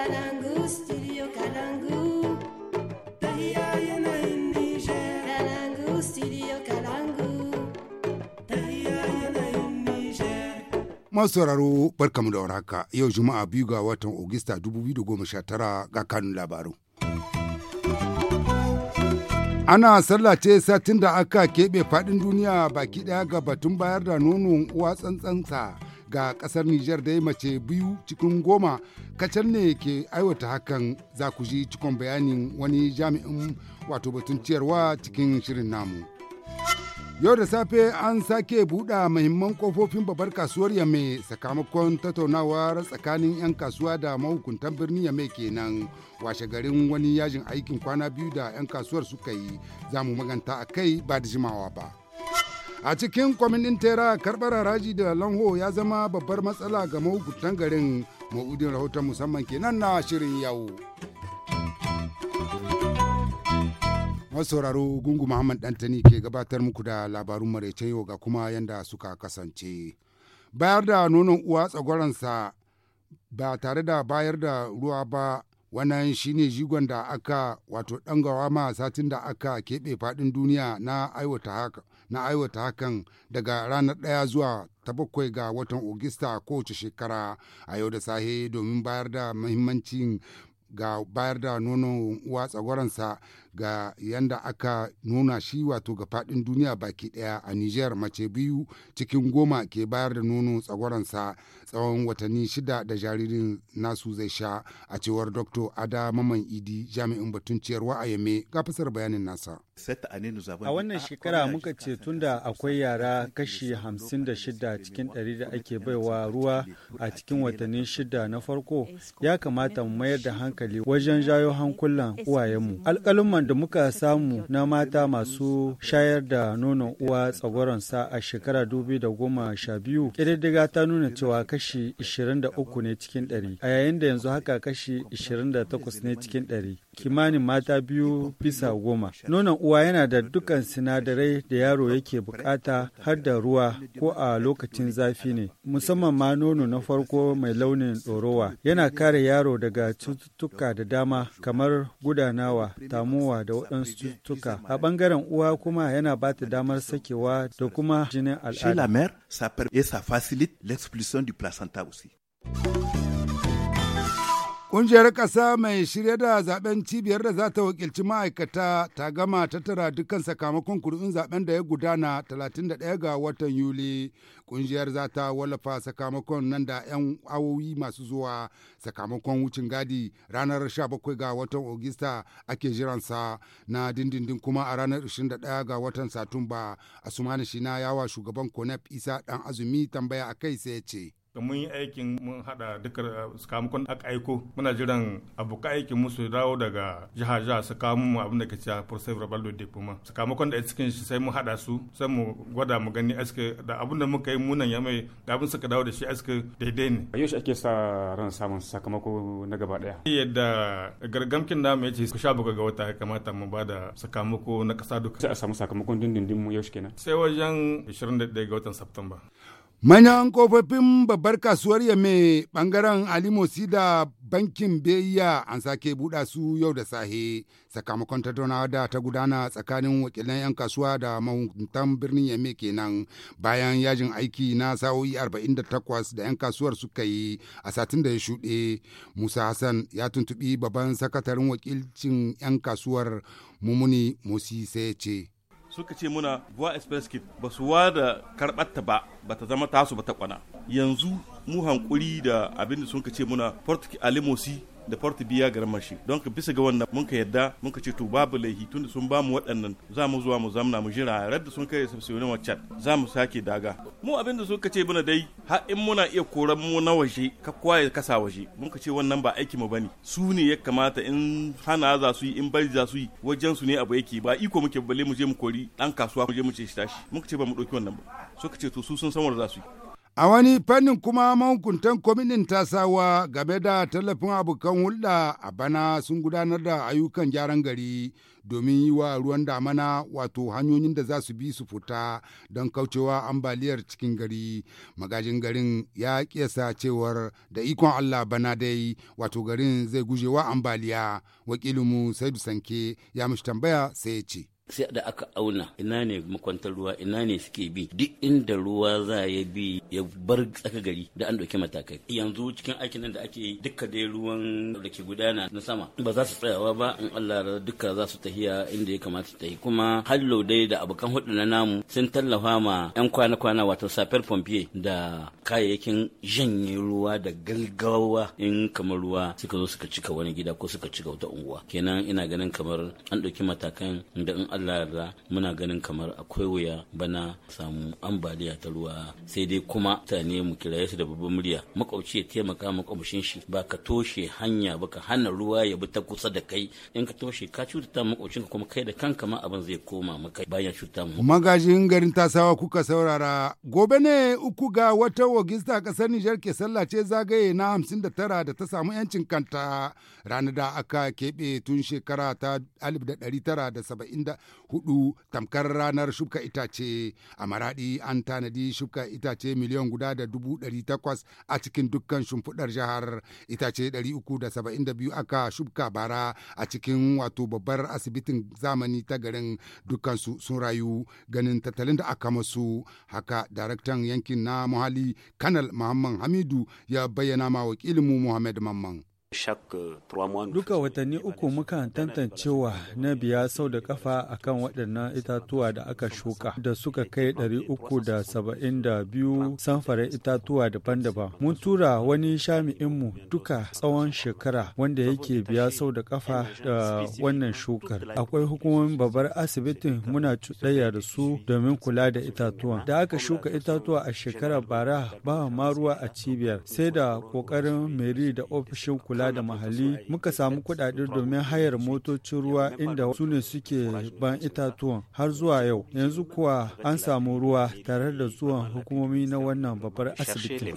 Kalangu, studio Masu sauraro barkamu da warhaka yau Juma'a biyu ga watan Ogista 2019 ga kanun labaru. Ana sallace satin da aka keɓe faɗin duniya baki ɗaya ga batun bayar da nonon uwa tsantsansa. ga kasar Nijar da ya mace biyu cikin goma kacal ne ke aiwata hakan za ku ji cikon bayanin wani jami'in wato batun ciyarwa cikin shirin namu. Yau da safe an sake buɗa mahimman kofofin babbar kasuwar Yame sakamakon tattaunawar tsakanin 'yan kasuwa da mahukuntan birnin Yame kenan washe garin wani yajin aikin kwana biyu da 'yan kasuwar suka yi za mu maganta a kai ba da jimawa ba. a cikin kwamitin tera karbar haraji da lanho ya zama babbar matsala ga mahukuntan garin ma'udin rahoton musamman kenan na shirin yau sauraro gungu muhammad dantani ke gabatar muku da labarun maraice yau ga kuma yanda suka kasance bayar da nonon uwa tsagoransa ba tare da bayar da ruwa ba wannan shine jigon da aka wato dangawa ma satin da aka keɓe faɗin duniya na aiwata haka na aiwata hakan daga ranar ɗaya zuwa ta bakwai ga watan Ogista kowace shekara a yau da sahe domin bayar da muhimmancin ga bayar da nono uwa tsagoransa ga yanda aka nuna shi wato ga fadin duniya baki daya a Nijar mace biyu cikin goma ke bayar da nono tsagwaransa tsawon watanni shida da jaririn nasu zai sha a cewar Dr. Ada Maman Idi jami'in batun ciyarwa a Yame ga fasar bayanin nasa. A wannan ah, shekara muka ce tunda akwai yara kashi hamsin da shida cikin ɗari da ake baiwa ruwa a cikin watanni shida na farko ya kamata mu mayar da hankali wajen jayo hankulan uwayenmu. Alƙalin yawan da muka samu na mata masu shayar da nonon uwa tsagoronsa a shekara biyu ƙididdiga ta nuna cewa kashi 23 ne cikin 100 a yayin da yanzu haka kashi 28 ne cikin 100 kimanin mata biyu bisa goma. Nonon uwa yana da dukkan sinadarai da yaro yake bukata har da ruwa ko a lokacin zafi ne, musamman ma nono na farko mai launin ɗorowa. Yana kare yaro daga cututtuka da dama kamar gudanawa, tamuwa da waɗansu cututtuka. A ɓangaren uwa kuma yana ba ta damar sakewa da kuma jinin al'ada. Ƙungiyar ƙasa mai shirya da zaben cibiyar da za ta wakilci ma'aikata ta gama tattara dukkan sakamakon kuri'un zaben da ya gudana 31 ga watan Yuli. Ƙungiyar za ta wallafa sakamakon nan da 'yan awowi masu zuwa sakamakon wucin gadi ranar 17 ga watan Ogista ake jiransa na dindindin kuma a ranar 21 ga watan Satumba. Asumani na yawa shugaban Konep Isa ɗan azumi tambaya a kai sai ce. mun yi aikin mun hada duka uh, sakamakon aka aiko muna jiran abokan aikin musu dawo daga jiha jiha su kawo mu abin da ke cewa prosave rabaldo de puma sakamakon da cikin shi sai mun hada su sai mu gwada mu gani aske da abin da muka yi munan ya mai da abin suka dawo da shi aske daidai ne yau shi ake sa ran samun sakamako na gaba daya yadda gargamkin da mu yace ku sha buga ga wata ya kamata mu bada sakamako na kasa duka sai a samu sakamakon dindindin mu yau shi kenan sai wajen 21 ga watan september Manyan kofofin babbar kasuwar Yamme bangaren Alimosi da bankin Beyiya an sake buɗa su yau da sahe sakamakon tattaunawa da ta gudana tsakanin wakilan 'yan kasuwa da mahuntan birnin Yame kenan bayan yajin aiki na sa'o'i 48 da 'yan kasuwar suka yi a satin da ya shuɗe. Musa Hassan ya tuntuɓi babban sakataren wakilcin 'yan kasuwar Mumuni musi sai ce. suka ce muna Voa Express Kit ba su da karɓarta ba ba ta zama tasu ba ta kwana yanzu mu hankuri da abin da sun ce muna Port Alimosi da porte biya garmar shi don ka bisa ga wannan mun ka yadda mun ka ce to babu laihi tunda sun ba mu waɗannan za mu zuwa mu zamna mu jira da sun kai sabsiyonin waccan za mu sake daga mu abin da suka ce bana dai ha in muna iya koran mu na waje ka kwaye kasa waje mun ka ce wannan ba aiki mu bane su ne ya kamata in hana za su yi in bari za su yi wajen su ne abu yake ba iko muke balle mu je mu kori dan kasuwa mu je mu ce shi tashi mun ka ce ba mu ɗauki wannan ba suka ce to su sun san wanda za su yi A wani fannin kuma mahukuntan kwamitin tasawa game da tallafin abokan hulɗa a bana sun gudanar da ayyukan gyaran gari domin yi wa ruwan damana wato hanyoyin da za su bi su fita don kaucewa ambaliyar cikin gari. Magajin garin ya kesa cewar da ikon Allah bana dai wato garin zai gujewa ambaliya. Wakilinmu Saidu Sanke ya mishi tambaya sai ya ce. sai da aka auna ina ne makwantar ruwa ina ne suke bi duk inda ruwa za ya bi ya bar tsaka gari da an ɗauki matakai yanzu cikin aikin nan da ake yi duka dai ruwan da ke gudana na sama ba za su tsayawa ba in Allah duka za su tahiya inda ya kamata ta tahi kuma hallo dai da abokan hudu na namu sun tallafa ma yan kwana-kwana wato safar pompier da kayayyakin janye ruwa da galgawa in kamar ruwa suka zo suka cika wani gida ko suka cika wata unguwa kenan ina ganin kamar an ɗauki matakan da in Allah yarda muna ganin kamar akwai wuya bana samu ambaliya ta ruwa sai dai kuma mutane mu kiraye su da babban murya makauci ya taimaka makwabcin shi ba ka toshe hanya ba ka hana ruwa ya bi ta kusa da kai in ka toshe ka cutata makwabcinka kuma kai da kanka ma abin zai koma maka bayan cuta mu magajin garin tasawa kuka saurara gobe ne uku ga wata wagista kasar Nijar ke sallace zagaye na hamsin da tara da ta samu yancin kanta ranar da aka keɓe tun shekara ta 1970 hudu tamkar ranar shuka itace a maradi an tanadi shuka itace miliyan guda da dubu dari takwas a cikin dukkan shimfiɗar jihar itace dari uku da saba'in da biyu aka shuka bara a cikin wato babbar asibitin zamani ta garin dukkansu sun rayu ganin tattalin da aka masu haka daraktan yankin na muhalli kanal muhammad hamidu ya bayyana ma wakilinmu muhammad mamman Duka watanni uku muka tantancewa na biya sau da kafa kan waɗannan itatuwa da aka shuka da suka kai ɗari uku da da saba'in biyu samfarin itatuwa daban-daban. Mun tura wani shami'inmu duka tsawon shekara wanda yake biya sau da kafa da eh, wannan shukar. Akwai hukumomin babbar asibitin muna cuɗayya da su domin kula da itatuwa. Da aka shuka itatuwa a shekarar bara ba ma ruwa a cibiyar sai da ƙoƙarin meri da ofishin kula kula da mahalli muka samu kuɗaɗe domin hayar motocin ruwa inda su ne suke ban itatuwan har zuwa yau yanzu kuwa an samu ruwa tare da zuwan hukumomi na wannan babbar asibiti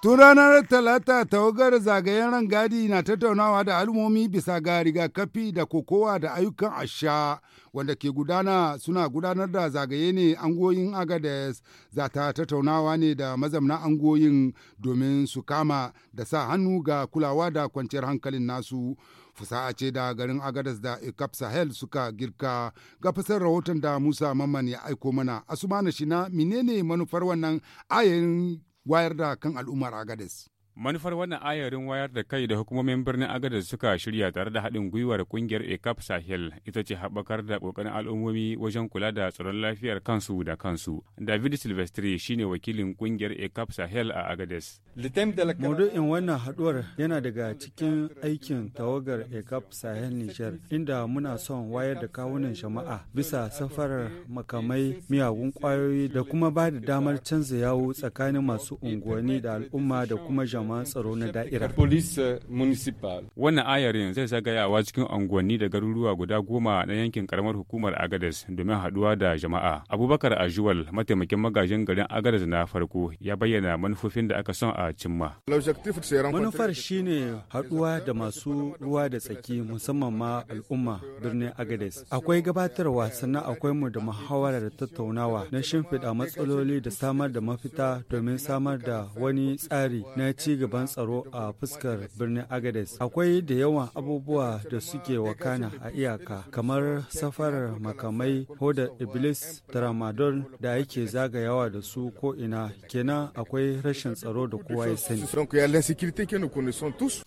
Tun ranar Talata tawagar zagayen rangadi na tattaunawa da al'ummomi bisa ga rigakafi da kokowa da ayyukan asha wanda ke gudana suna gudanar da zagaye ne angoyin Agades za ta tattaunawa ne da mazamna angoyin domin su kama da sa hannu ga kulawa da kwanciyar hankalin nasu. Fusa'a ce da garin Agadas da Ikap Sahel suka girka ga fasar rahoton da Musa Mamman ya aiko mana. Asumana na menene manufar wannan ayayin wayar da kan al'ummar Agadas? Manufar wannan ayarin wayar da kai da hukumomin birnin Agadez suka shirya tare da haɗin gwiwar kungiyar ECAP Sahel ita ce haɓakar da ƙoƙarin al'ummomi wajen kula da tsaron lafiyar kansu da kansu. David Silvestri shine wakilin kungiyar ECAP Sahel a agades Maudu'in wannan haɗuwar yana daga cikin aikin tawagar ECAP Sahel Niger inda muna son wayar da kawunan jama'a bisa safarar makamai miyagun kwayoyi da kuma ba da damar canza yawo tsakanin masu unguwanni da al'umma da kuma jama'a. jami'an tsaro na da'irar. Eh, Wannan ayarin zai zagayawa cikin unguwanni da garuruwa guda goma na yankin karamar hukumar Agadez domin haduwa da jama'a. Abubakar Ajuwal mataimakin magajin garin Agadez na farko ya bayyana manufofin da aka son a cimma. Manufar shi ne haduwa da masu ruwa da tsaki musamman ma al'umma birnin Agadez. Akwai gabatarwa sannan akwai mu da muhawarar tattaunawa na shimfiɗa matsaloli da samar da mafita domin samar da wani tsari na ci gaban tsaro a fuskar birnin Agades. Akwai da yawan abubuwa da suke wakana a iyaka kamar safarar makamai hoda Iblis Tramadol da ake zagayawa da su ko ina kenan akwai rashin tsaro da kowa ya sani.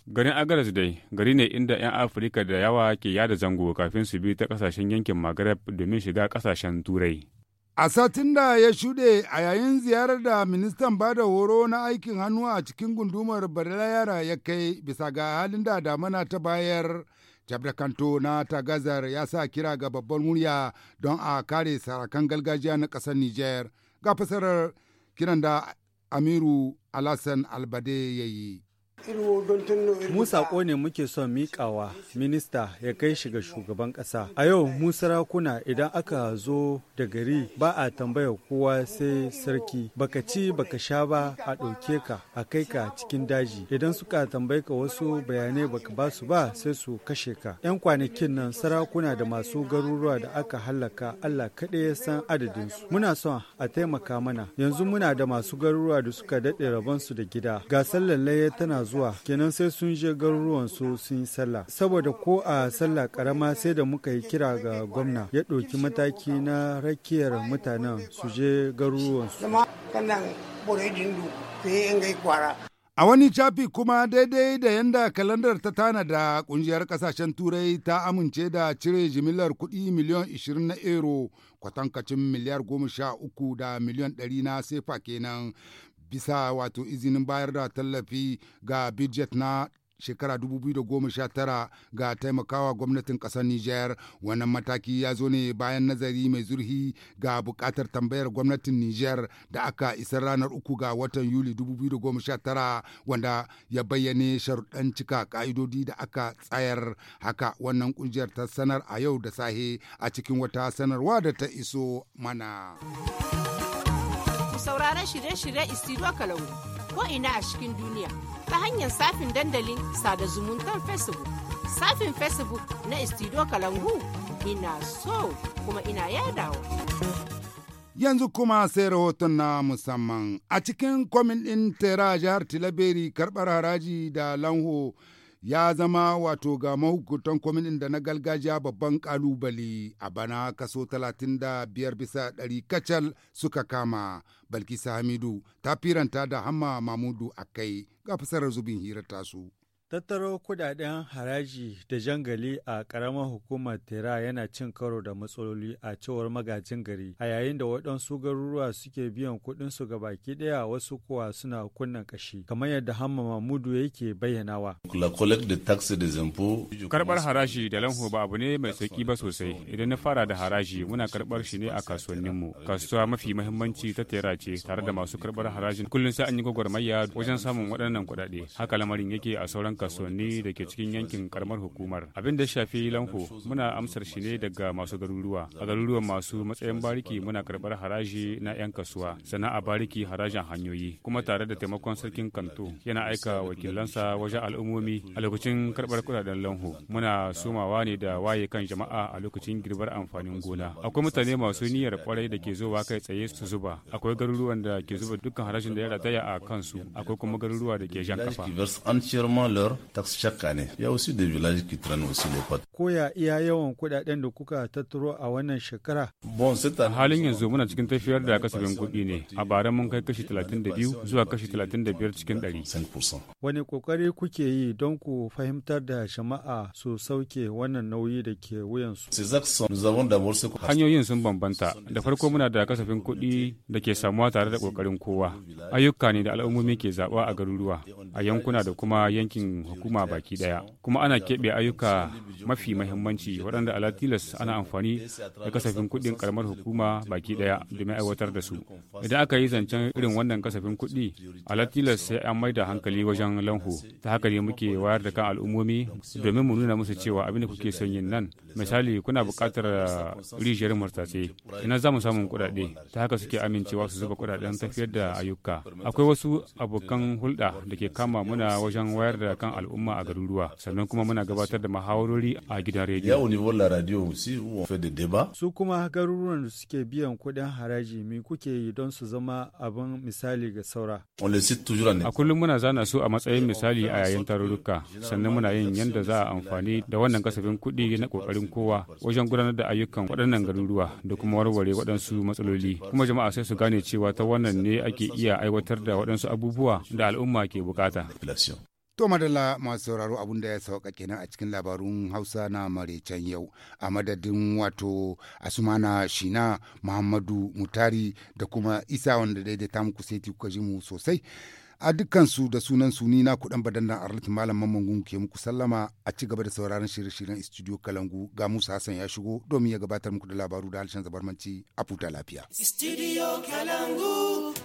Garin Agades dai gari ne inda 'yan Afirka da yawa ke yada zango kafin su bi ta kasashen yankin Maghreb domin shiga kasashen Turai. A satin da ya shuɗe a yayin ziyarar da ministan ba da horo na aikin hannu a cikin gundumar Barilayara ya kai bisa ga halin da damana ta bayar Jabda Kanto na Tagazar ya sa kira ga babban murya don a kare sarakan gargajiya na ƙasar Nijar ga fasarar kiran da Amiru Alassan Albade ya yi. Mu saƙo ne muke son mikawa minista ya kai shi ga shugaban ƙasa. A yau mu sarakuna idan aka zo da gari ba a tambaya kowa sai sarki. Baka ci baka sha ba a ɗauke ka a kai ka cikin daji. Idan suka tambaye ka wasu bayanai baka ba su ba sai su kashe ka. 'Yan kwanakin nan sarakuna da masu garuruwa da aka hallaka Allah kaɗai ya san adadin su Muna son a taimaka mana. Yanzu muna da masu garuruwa da suka daɗe rabonsu da gida. Gasar lallaye tana zuwa kenan sai sun je garuruwan su sun yi sallah saboda ko a sallah karama sai da muka yi kira ga gwamna ya ɗauki mataki na rakiyar mutanen su je garuruwan su A wani cafi kuma daidai da yanda kalandar ta tana da kungiyar kasashen turai ta amince da cire jimillar kuɗi miliyan 20 na euro kwatankacin miliyar 13 da miliyan 100 na sefa kenan bisa wato izinin bayar da tallafi ga budget na shekara 2019 ga taimakawa gwamnatin ƙasar Nijar. Wannan mataki ya zo ne bayan nazari mai zurhi ga bukatar tambayar gwamnatin Nijar da aka isar ranar uku ga watan Yuli 2019 wanda ya bayyane sharuɗan cika ƙa'idodi da aka tsayar haka wannan ƙungiyar ta sanar a yau da sahe a cikin wata sanarwa da ta iso mana. sauraron shirye-shirye Istiro Kalangu ko ina a cikin duniya ta hanyar safin dandalin sada zumuntar Facebook. Safin Facebook na Istiro Kalangu ina so kuma ina yadawa. Yanzu kuma sai rahoton na musamman a cikin kwamin ɗin tera jihar Tilaberi karɓar haraji da lanho ya zama wato ga mahukuntan kwamitin da na gargajiya babban kalubale a bana kaso 35 bisa ɗari kacal suka kama balkisa hamidu ta firanta da hamma mamudu a kai ga fasarar zubin hirar tasu. Tattaro kudaden haraji da jangali a karamar hukumar Tera yana cin karo da matsaloli a cewar magajin gari, a yayin da waɗansu garuruwa suke biyan kuɗinsu ga baki ɗaya wasu kuwa suna kunnan ƙashi, kamar yadda Hamma Mahmudu yake bayyanawa. Karɓar haraji da lanho ba abu ne mai sauƙi ba sosai, idan na fara da haraji muna karɓar shi ne a kasuwanninmu. Kasuwa mafi mahimmanci ta Tera ce tare da masu karɓar harajin kullum sai an yi gwagwarmaya wajen samun waɗannan kuɗaɗe. Haka lamarin yake a sauran kasuwanni da ke cikin yankin karamar hukumar abin da shafi lanho muna amsar shi ne daga masu garuruwa a garuruwan masu matsayin bariki muna karbar haraji na 'yan kasuwa sana'a a bariki harajin hanyoyi kuma tare da taimakon sarkin kanto yana aika wakilansa wajen al'ummomi a lokacin karbar kudaden lanho muna sumawa ne da waye kan jama'a a lokacin girbar amfanin gona akwai mutane masu niyyar kwarai da ke zuwa kai tsaye su zuba akwai garuruwan da ke zuba dukkan harajin da ya rataya a kansu akwai kuma garuruwa da ke jan kafa valeur taxe chaque année. Il y a aussi des villages qui iya yawan kudaden da kuka tattaro a wannan shekara? Bon, a halin yanzu muna cikin tafiyar da kasafin kuɗi ne. A bara mun kai kashi 32 zuwa kashi 35 cikin 100. Wani kokari kuke yi don ku fahimtar da jama'a su sauke wannan nauyi da ke wuyansu? Hanyoyin sun bambanta. Da farko muna da kasafin kuɗi da ke samuwa tare da kokarin kowa. Ayyuka ne da al'ummomi ke zaɓa a garuruwa, a yankuna da kuma yankin hukuma baki daya kuma ana keɓe ayyuka mafi mahimmanci waɗanda alatilas ana amfani da kasafin kuɗin karamar hukuma baki daya domin aiwatar da su idan aka yi zancen irin wannan kasafin kuɗi alatilas sai an mai da hankali wajen lanho ta haka ne muke wayar da kan al'ummomi domin mu nuna musu cewa abin da kuke son yin nan misali kuna buƙatar rijiyar murtatse ina za mu samun kuɗaɗe ta haka suke amincewa su zuba kuɗaɗen tafiyar da ayyuka akwai wasu abokan hulɗa da ke kama muna wajen wayar da kan al'umma a garuruwa sannan kuma muna gabatar da mahawarori a gidan rediyo su kuma garuruwan da suke biyan kuɗin haraji me kuke yi don su zama abin misali ga saura a kullum muna zana su a matsayin misali a yayin tarurruka sannan muna yin yadda za a amfani da wannan kasafin kuɗi na ƙoƙarin kowa wajen gudanar da ayyukan waɗannan garuruwa da kuma warware waɗansu matsaloli kuma jama'a sai su gane cewa ta wannan ne ake iya aiwatar da waɗansu abubuwa da al'umma ke bukata. To madalla masu sauraro abun da ya sauka kenan a cikin labarun Hausa na maraicen yau a madadin wato Asumana Shina Muhammadu Mutari da kuma Isa wanda ta muku sai kuka ji mu sosai. A dukkansu da sunan su ni na kudan badan da Arlit Malam Mamman ke muku sallama a ci gaba da sauraron shirye-shiryen Studio Kalangu ga Musa Hassan ya shigo domin ya gabatar muku da labaru da harshen zabarmanci a futa lafiya. Studio Kalangu.